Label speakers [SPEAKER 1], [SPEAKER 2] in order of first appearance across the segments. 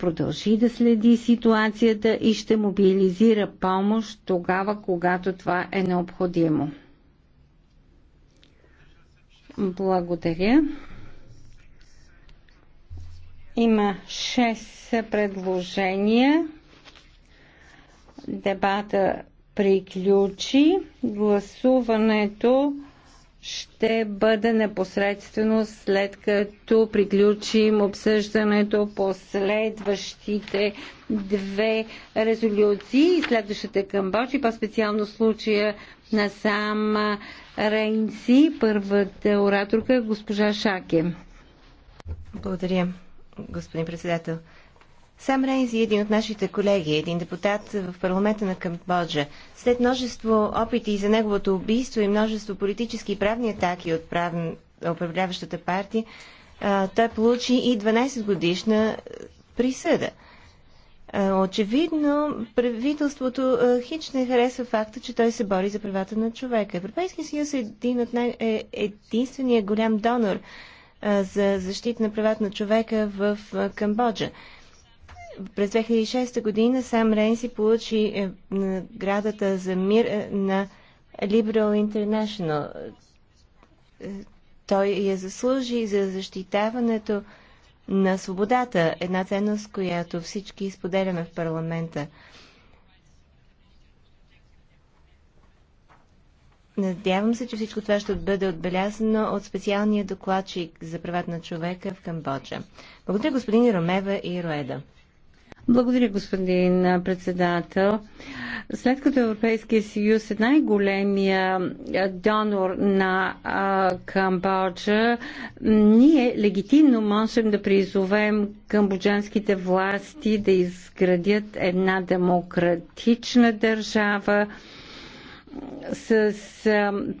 [SPEAKER 1] продължи да следи ситуацията и ще мобилизира помощ тогава, когато това е необходимо. Благодаря. Има 6 предложения. Дебата приключи. Гласуването ще бъде непосредствено след като приключим обсъждането по следващите две резолюции. Следващата Камбоджи, по-специално случая на сам Рейнси. Първата ораторка госпожа Шаке. Благодаря,
[SPEAKER 2] господин председател. Сам Рейнзи, един от нашите колеги, един депутат в парламента на Камбоджа, след множество опити за неговото убийство и множество политически и правни атаки от прав... управляващата партия, той получи и 12 годишна присъда. Очевидно, правителството хич не харесва факта, че той се бори за правата на човека. Европейския съюз е, един от най- е единствения голям донор за защита на правата на човека в Камбоджа. През 2006 година сам Ренси получи е, наградата за мир е, на Liberal International. Е, той я заслужи за защитаването на свободата, една ценност, която всички споделяме в парламента. Надявам се, че всичко това ще бъде отбелязано от специалния докладчик за правата на човека в Камбоджа. Благодаря господин Ромева и Роеда.
[SPEAKER 1] Благодаря, господин председател. След като Европейския съюз е най-големия донор на а, Камбоджа, ние легитимно можем да призовем камбоджанските власти да изградят една демократична държава, с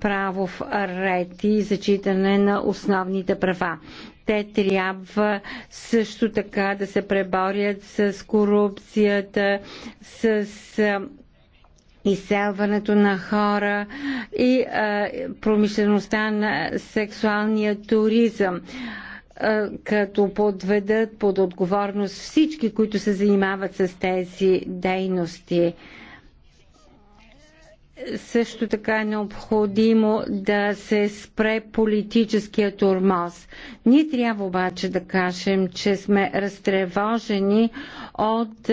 [SPEAKER 1] правов ред и зачитане на основните права. Те трябва също така да се преборят с корупцията, с изселването на хора и промишлеността на сексуалния туризъм като подведат под отговорност всички, които се занимават с тези дейности също така е необходимо да се спре политическия турмоз. Ние трябва обаче да кажем, че сме разтревожени от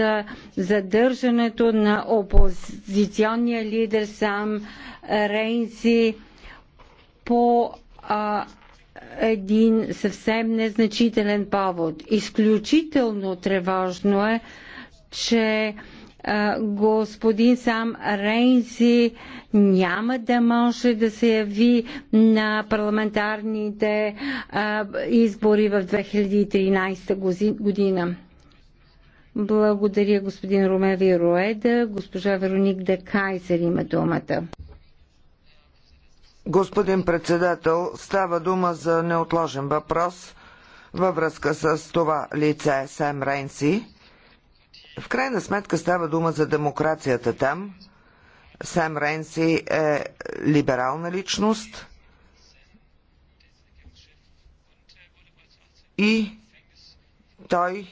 [SPEAKER 1] задържането на опозиционния лидер сам Рейнси по а, един съвсем незначителен повод. Изключително тревожно е, че а, господин Сам Рейнси няма да може да се яви на парламентарните избори в 2013 година. Благодаря господин Ромеви Роеда. Госпожа Вероник Де Кайзер има думата.
[SPEAKER 3] Господин председател, става дума за неотложен въпрос във връзка с това лице Сем Рейнси в крайна сметка става дума за демокрацията там. Сам Ренси е либерална личност и той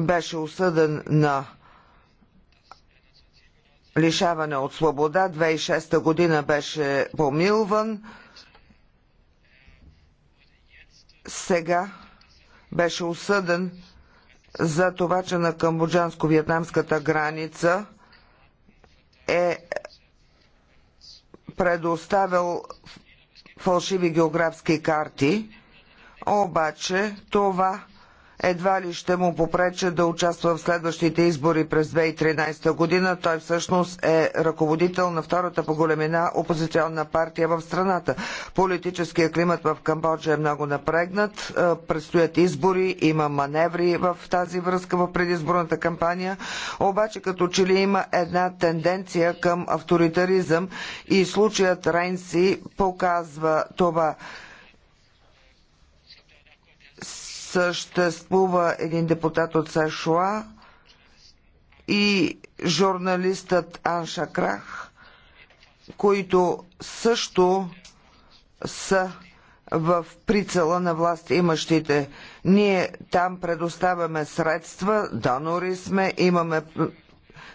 [SPEAKER 3] беше осъден на лишаване от свобода. 2006 година беше помилван. Сега беше осъден за това, че на камбоджанско-вьетнамската граница е предоставил фалшиви географски карти, обаче това едва ли ще му попреча да участва в следващите избори през 2013 година. Той всъщност е ръководител на втората по големина опозиционна партия в страната. Политическия климат в Камбоджа е много напрегнат. Е, предстоят избори, има маневри в тази връзка в предизборната кампания. Обаче като че ли има една тенденция към авторитаризъм и случаят Ренси показва това. съществува един депутат от Сашуа и журналистът Анша Крах, които също са в прицела на власт имащите. Ние там предоставяме средства, донори сме, имаме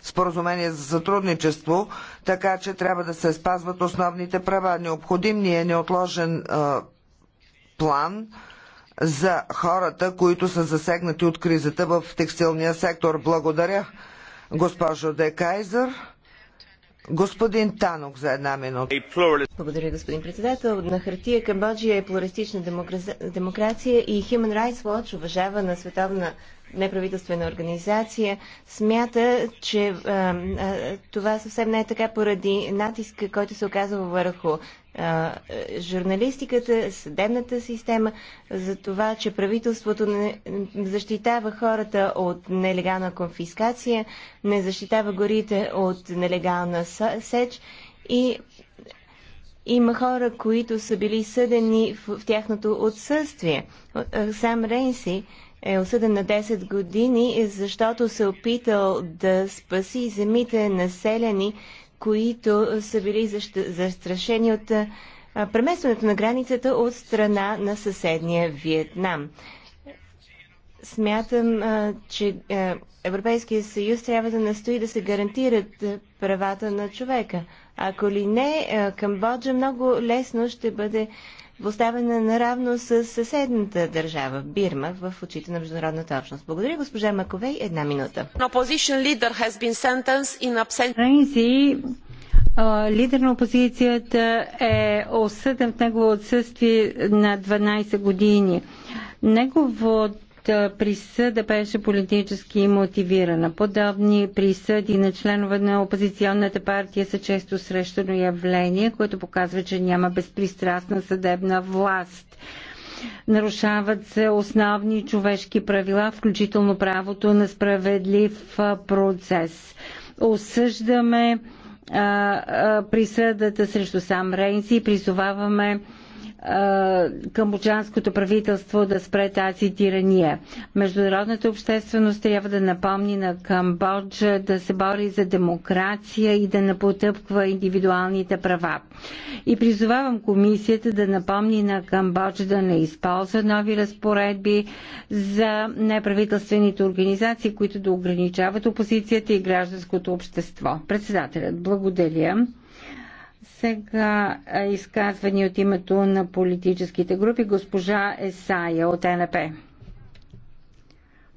[SPEAKER 3] споразумение за сътрудничество, така че трябва да се спазват основните права. Необходим ни е неотложен а, план, за хората, които са засегнати от кризата в текстилния сектор. Благодаря, госпожо Де Господин Танок за една минута. Благодаря, господин председател. На хартия Камбоджия
[SPEAKER 2] е плуралистична демокрация и Human Rights Watch, уважавана световна неправителствена организация, смята, че а, а, това съвсем не е така поради натиска, който се оказва върху журналистиката, съдебната система, за това, че правителството не защитава хората от нелегална конфискация, не защитава горите от нелегална сеч и има хора, които са били съдени в, в тяхното отсъствие. Сам Рейнси е осъден на 10 години, защото се опитал да спаси земите населени които са били застрашени от преместването на границата от страна на съседния Виетнам. Смятам, че Европейския съюз трябва да настои да се гарантират правата на човека. Ако ли не, е, Камбоджа много лесно ще бъде поставена наравно с съседната държава, Бирма, в очите на международната общност. Благодаря, госпожа Маковей. Една минута.
[SPEAKER 1] лидер на опозицията е осъден в негово отсъствие на 12 години. Неговото присъда беше политически мотивирана. Подобни присъди на членове на опозиционната партия са често срещано явление, което показва, че няма безпристрастна съдебна власт. Нарушават се основни човешки правила, включително правото на справедлив процес. Осъждаме а, а, присъдата срещу сам Рейнси и призоваваме камбоджанското правителство да спре тази тирания. Международната общественост трябва да напомни на Камбоджа да се бори за демокрация и да не индивидуалните права. И призовавам комисията да напомни на Камбоджа да не използва нови разпоредби за неправителствените организации, които да ограничават опозицията и гражданското общество. Председателят, благодаря. Сега е, изказвани от името на политическите групи госпожа Есая от НП.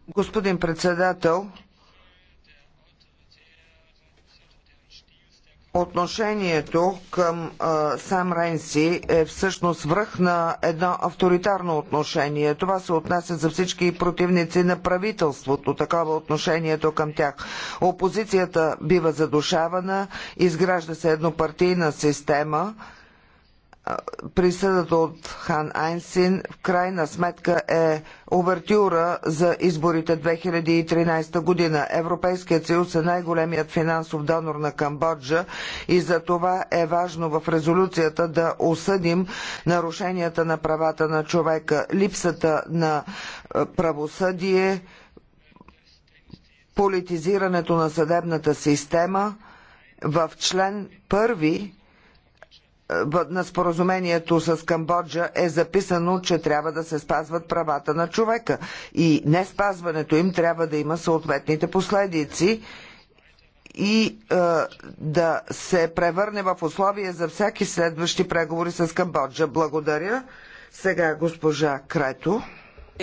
[SPEAKER 3] Господин председател, Отношението към а, Сам Ренси е всъщност връх на едно авторитарно отношение. Това се отнася за всички противници на правителството. Такова отношението към тях. Опозицията бива задушавана, изгражда се еднопартийна система – присъдата от Хан Айнсин в крайна сметка е овертюра за изборите 2013 година. Европейският съюз е най-големият финансов донор на Камбоджа и за това е важно в резолюцията да осъдим нарушенията на правата на човека, липсата на е, правосъдие, политизирането на съдебната система. В член първи на споразумението с Камбоджа е записано, че трябва да се спазват правата на човека и не спазването им трябва да има съответните последици и е, да се превърне в условие за всяки следващи преговори с Камбоджа. Благодаря. Сега госпожа Крето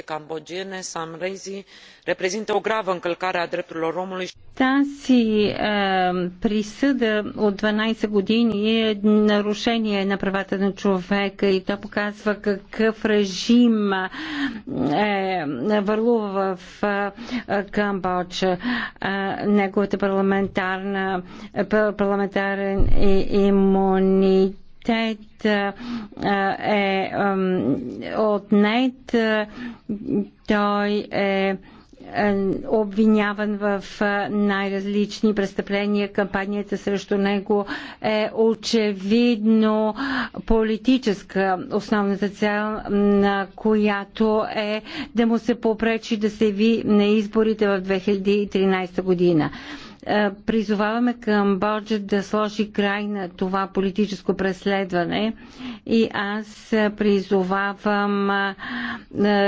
[SPEAKER 3] cambodgiene sam rainsy reprezintă o gravă încălcare a drepturilor omului.
[SPEAKER 1] Тази ehm, присъда от 12 години е нарушение на правата на човека и то показва какъв режим е, върлува в е, Камбоджа. Е, неговата парламентарна, парламентарен имунитет приоритет е отнет. Той е, е обвиняван в най-различни престъпления. Кампанията срещу него е очевидно политическа. Основната цел на която е да му се попречи да се ви на изборите в 2013 година. Е, призоваваме Камбоджа да сложи край на това политическо преследване и аз призовавам е,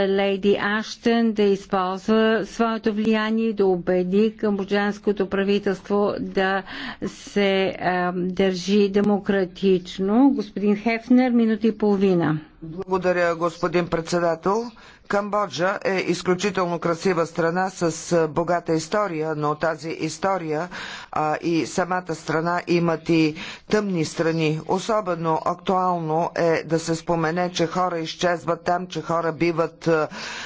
[SPEAKER 1] Лейди Аштен да използва своето влияние и да убеди камбоджанското правителство да се е, държи демократично. Господин Хефнер, минута и половина.
[SPEAKER 3] Благодаря, господин председател. Камбоджа е изключително красива страна с богата история, но тази история а, и самата страна имат и тъмни страни. Особено актуално е да се спомене, че хора изчезват там, че хора биват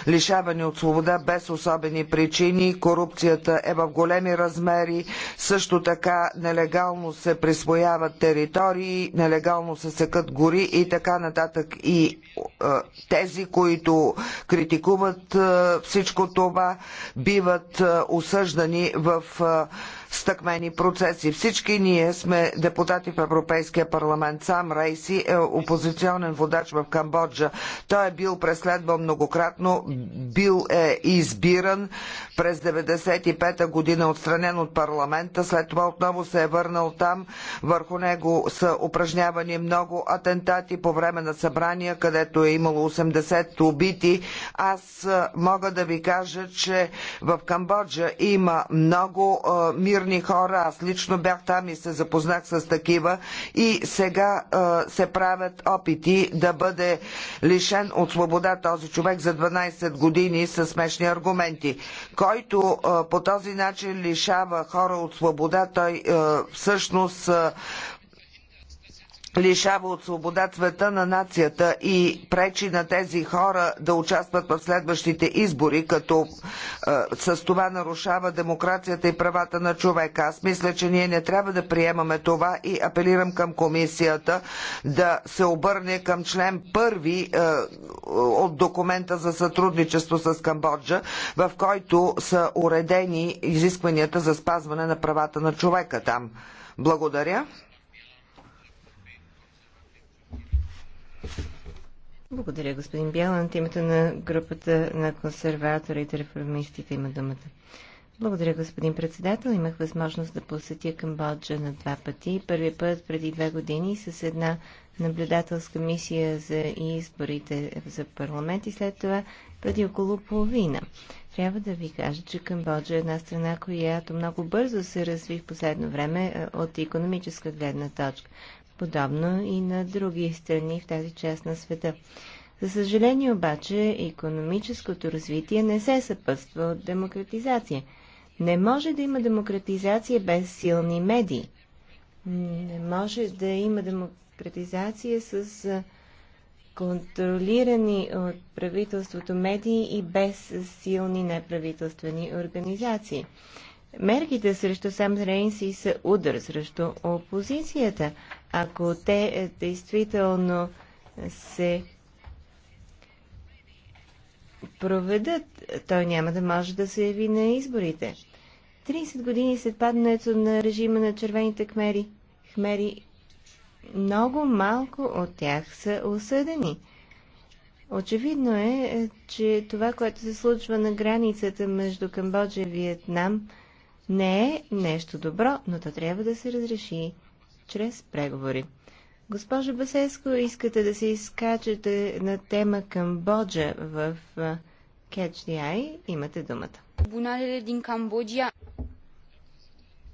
[SPEAKER 3] лишавани от свобода без особени причини. Корупцията е в големи размери. Също така нелегално се присвояват територии, нелегално се секат гори и така нататък. И тези, които критикуват всичко това, биват осъждани в стъкмени процеси. Всички ние сме депутати в Европейския парламент. Сам Рейси е опозиционен водач в Камбоджа. Той е бил преследван многократно, бил е избиран през 1995 година, отстранен от парламента. След това отново се е върнал там. Върху него са упражнявани много атентати по време на събрания, където е имало 80 убити. Аз мога да ви кажа, че в Камбоджа има много мирни мирни хора. Аз лично бях там и се запознах с такива. И сега се правят опити да бъде лишен от свобода този човек за 12 години с смешни аргументи. Който по този начин лишава хора от свобода, той всъщност лишава от свобода цвета на нацията и пречи на тези хора да участват в следващите избори, като е, с това нарушава демокрацията и правата на човека. Аз мисля, че ние не трябва да приемаме това и апелирам към комисията да се обърне към член първи е, от документа за сътрудничество с Камбоджа, в който са уредени изискванията за спазване на правата на човека там. Благодаря.
[SPEAKER 2] Благодаря, господин Бялан. От името на групата на консерваторите и реформистите има думата. Благодаря, господин председател. Имах възможност да посетя Камбоджа на два пъти. Първият път преди две години с една наблюдателска мисия за изборите за парламент и след това преди около половина. Трябва да ви кажа, че Камбоджа е една страна, която много бързо се разви в последно време от економическа гледна точка подобно и на други страни в тази част на света. За съжаление обаче, економическото развитие не се съпътства от демократизация. Не може да има демократизация без силни медии. Не може да има демократизация с контролирани от правителството медии и без силни неправителствени организации. Мерките срещу Сам Рейнси са удар срещу опозицията, ако те е, действително се проведат, той няма да може да се яви на изборите. 30 години след падането на режима на червените кмери, хмери, много малко от тях са осъдени. Очевидно е, е, че това, което се случва на границата между Камбоджа и Виетнам, не е нещо добро, но то трябва да се разреши чрез преговори. Госпожо Басеско, искате да се изкачате на тема Камбоджа в Catch the Eye. Имате думата.
[SPEAKER 1] Камбоджа.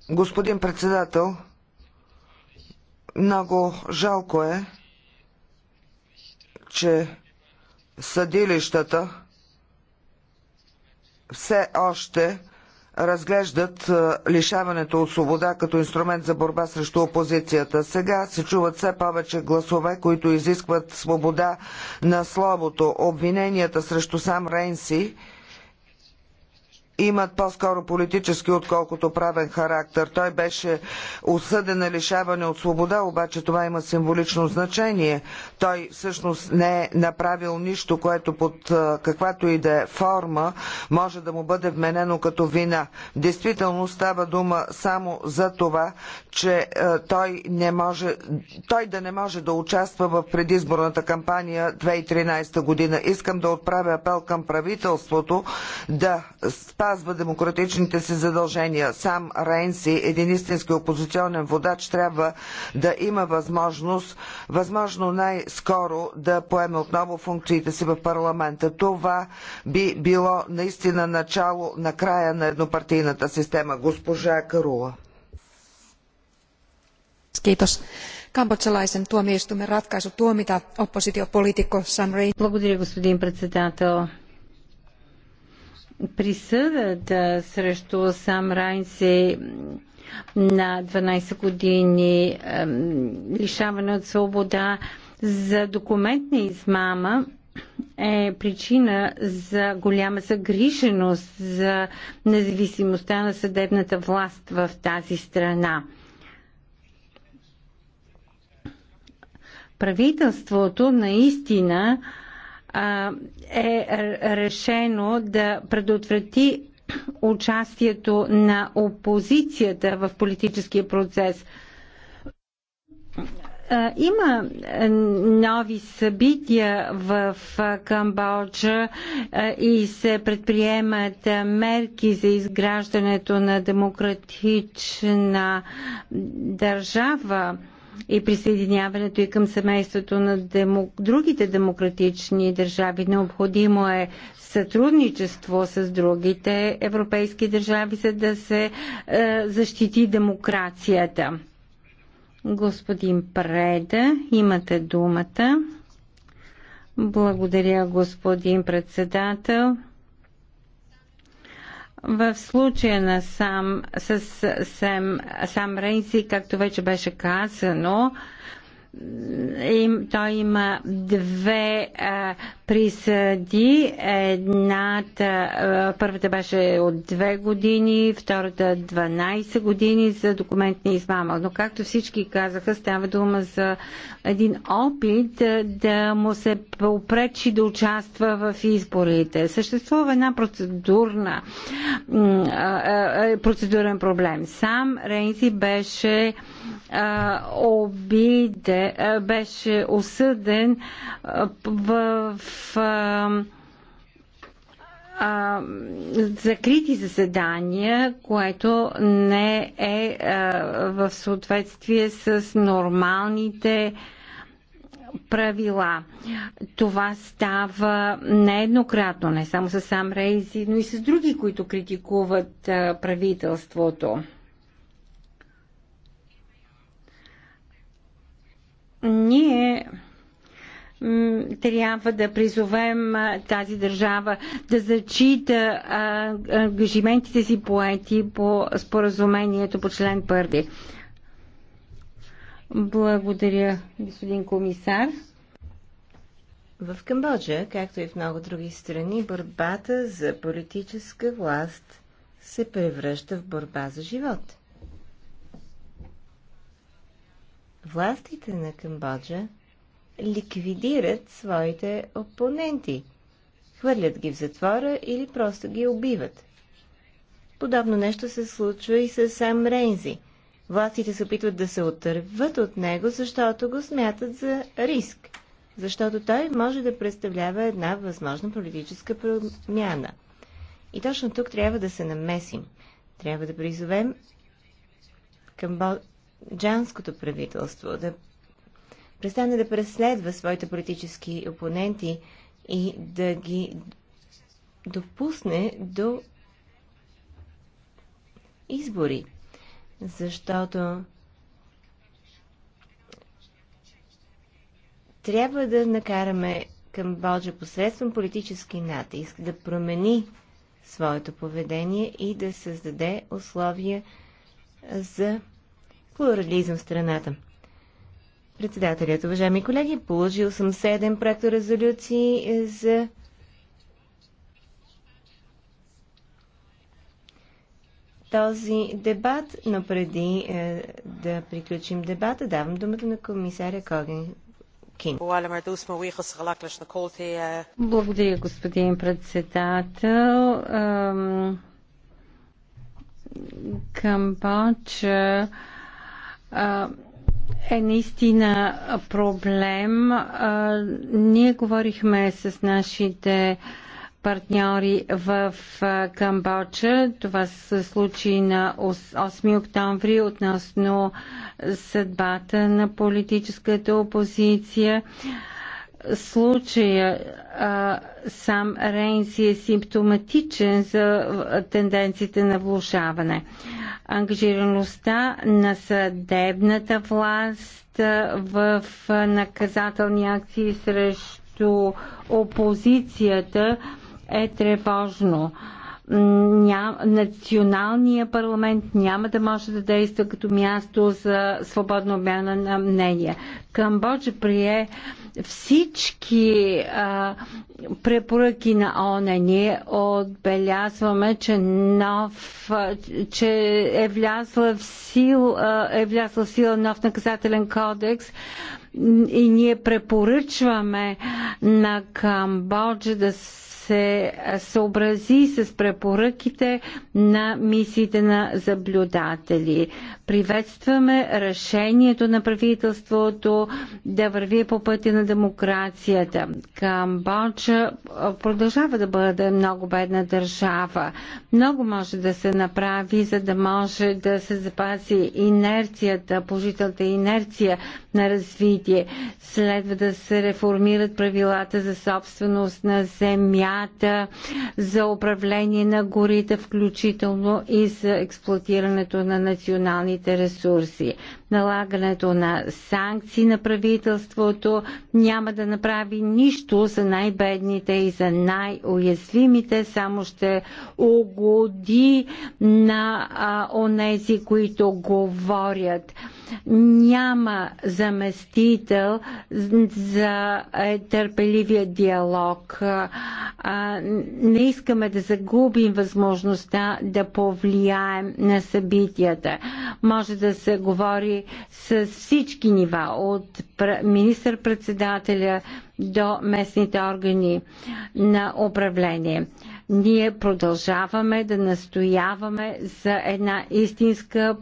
[SPEAKER 3] Господин председател, много жалко е, че съдилищата все още разглеждат е, лишаването от свобода като инструмент за борба срещу опозицията. Сега се чуват все повече гласове, които изискват свобода на словото. Обвиненията срещу сам Ренси имат по-скоро политически, отколкото правен характер. Той беше осъден на лишаване от свобода, обаче това има символично значение. Той всъщност не е направил нищо, което под каквато и да е форма може да му бъде вменено като вина. Действително става дума само за това, че той, не може, той да не може да участва в предизборната кампания 2013 година. Искам да отправя апел към правителството да спазва спазва демократичните си задължения. Сам Рейнси, един истински опозиционен водач, трябва да има възможност, възможно най-скоро да поеме отново функциите си в парламента. Това би било наистина начало на края на еднопартийната система. Госпожа Карула.
[SPEAKER 1] Kiitos камбоджалайсен tuomioistuimen ratkaisu tuomita oppositiopoliitikko Сам Рейнси. Благодаря, господин председател присъдата срещу Сам Райнси на 12 години лишаване от свобода за документна измама е причина за голяма загриженост за независимостта на съдебната власт в тази страна. Правителството наистина е решено да предотврати участието на опозицията в политическия процес. Има е, нови събития в Камбоджа е, и се предприемат мерки за изграждането на демократична държава и присъединяването и към семейството на демо... другите демократични държави. Необходимо е сътрудничество с другите европейски държави, за да се е, защити демокрацията. Господин Преда, имате думата. Благодаря, господин председател. В случая на сам, с сам, сам Рейнси, както вече беше казано, им, той има две а, присъди. Едната, а, първата беше от две години, втората 12 години за документна измама. Но както всички казаха, става дума за един опит а, да му се попречи да участва в изборите. Съществува една процедурна а, а, процедурен проблем. Сам Рейнси беше а, а, обиде, а, беше осъден а, в. А, а, закрити заседания, което не е а, в съответствие с нормалните правила. Това става нееднократно, не само с сам Рейзи, но и с други, които критикуват а, правителството. ние трябва да призовем тази държава да зачита ангажиментите си поети по споразумението по член първи. Благодаря, господин комисар. В Камбоджа,
[SPEAKER 2] както и в много други страни, борбата за политическа власт се превръща в борба за живот. властите на Камбоджа ликвидират своите опоненти, хвърлят ги в затвора или просто ги убиват. Подобно нещо се случва и с Сам Рейнзи. Властите се опитват да се отърват от него, защото го смятат за риск, защото той може да представлява една възможна политическа промяна. И точно тук трябва да се намесим. Трябва да призовем Камбо джанското правителство да престане да преследва своите политически опоненти и да ги допусне до избори. Защото трябва да накараме към Боджа посредством политически натиск да промени своето поведение и да създаде условия за плурализъм в страната. Председателят, уважаеми колеги, положил съм 7 проекторезолюции е, за този дебат, но преди е, да приключим дебата,
[SPEAKER 1] давам думата на комисаря Коген. Благодаря, господин председател. Камбоджа е наистина проблем. Ние говорихме с нашите партньори в Камбоджа. Това се случи на 8 октомври относно съдбата на политическата опозиция случая а, сам Рейнси е симптоматичен за тенденциите на влушаване. Ангажираността на съдебната власт в наказателни акции срещу опозицията е тревожно. Ням, националния парламент няма да може да действа като място за свободно обмяна на мнения. Камбоджа прие всички а, препоръки на ОНЕ. Ние отбелязваме, че, нов, че е, влязла в сил, е влязла в сила нов наказателен кодекс и ние препоръчваме на Камбоджа да се съобрази с препоръките на мисиите на заблюдатели. Приветстваме решението на правителството да върви по пътя на на демокрацията. Камбоджа продължава да бъде много бедна държава. Много може да се направи, за да може да се запази инерцията, положителната инерция на развитие. Следва да се реформират правилата за собственост на земята, за управление на горите, включително и за експлуатирането на националните ресурси. Налагането на санкции на правителството, няма да направи нищо за най-бедните и за най-уязвимите, само ще угоди на а, онези, които говорят. Няма заместител за е, търпеливия диалог. А, не искаме да загубим възможността да повлияем на събитията. Може да се говори с всички нива, от министър-председател председателя до местните органи на управление. Ние продължаваме да настояваме за една истинска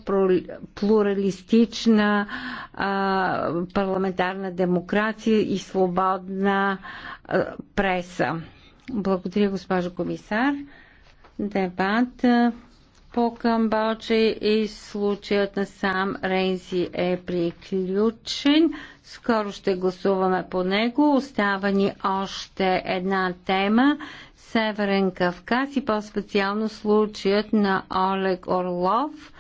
[SPEAKER 1] плуралистична а, парламентарна демокрация и свободна а, преса. Благодаря, госпожо комисар. Дебат по Камбоджа и случаят на сам Рейнзи е приключен. Скоро ще гласуваме по него. Остава ни още една тема. Северен Кавказ и по-специално случаят на Олег Орлов.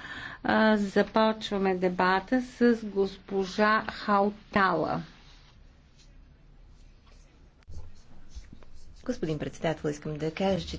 [SPEAKER 1] Започваме дебата с госпожа Хаутала. Господин председател, искам да кажа, че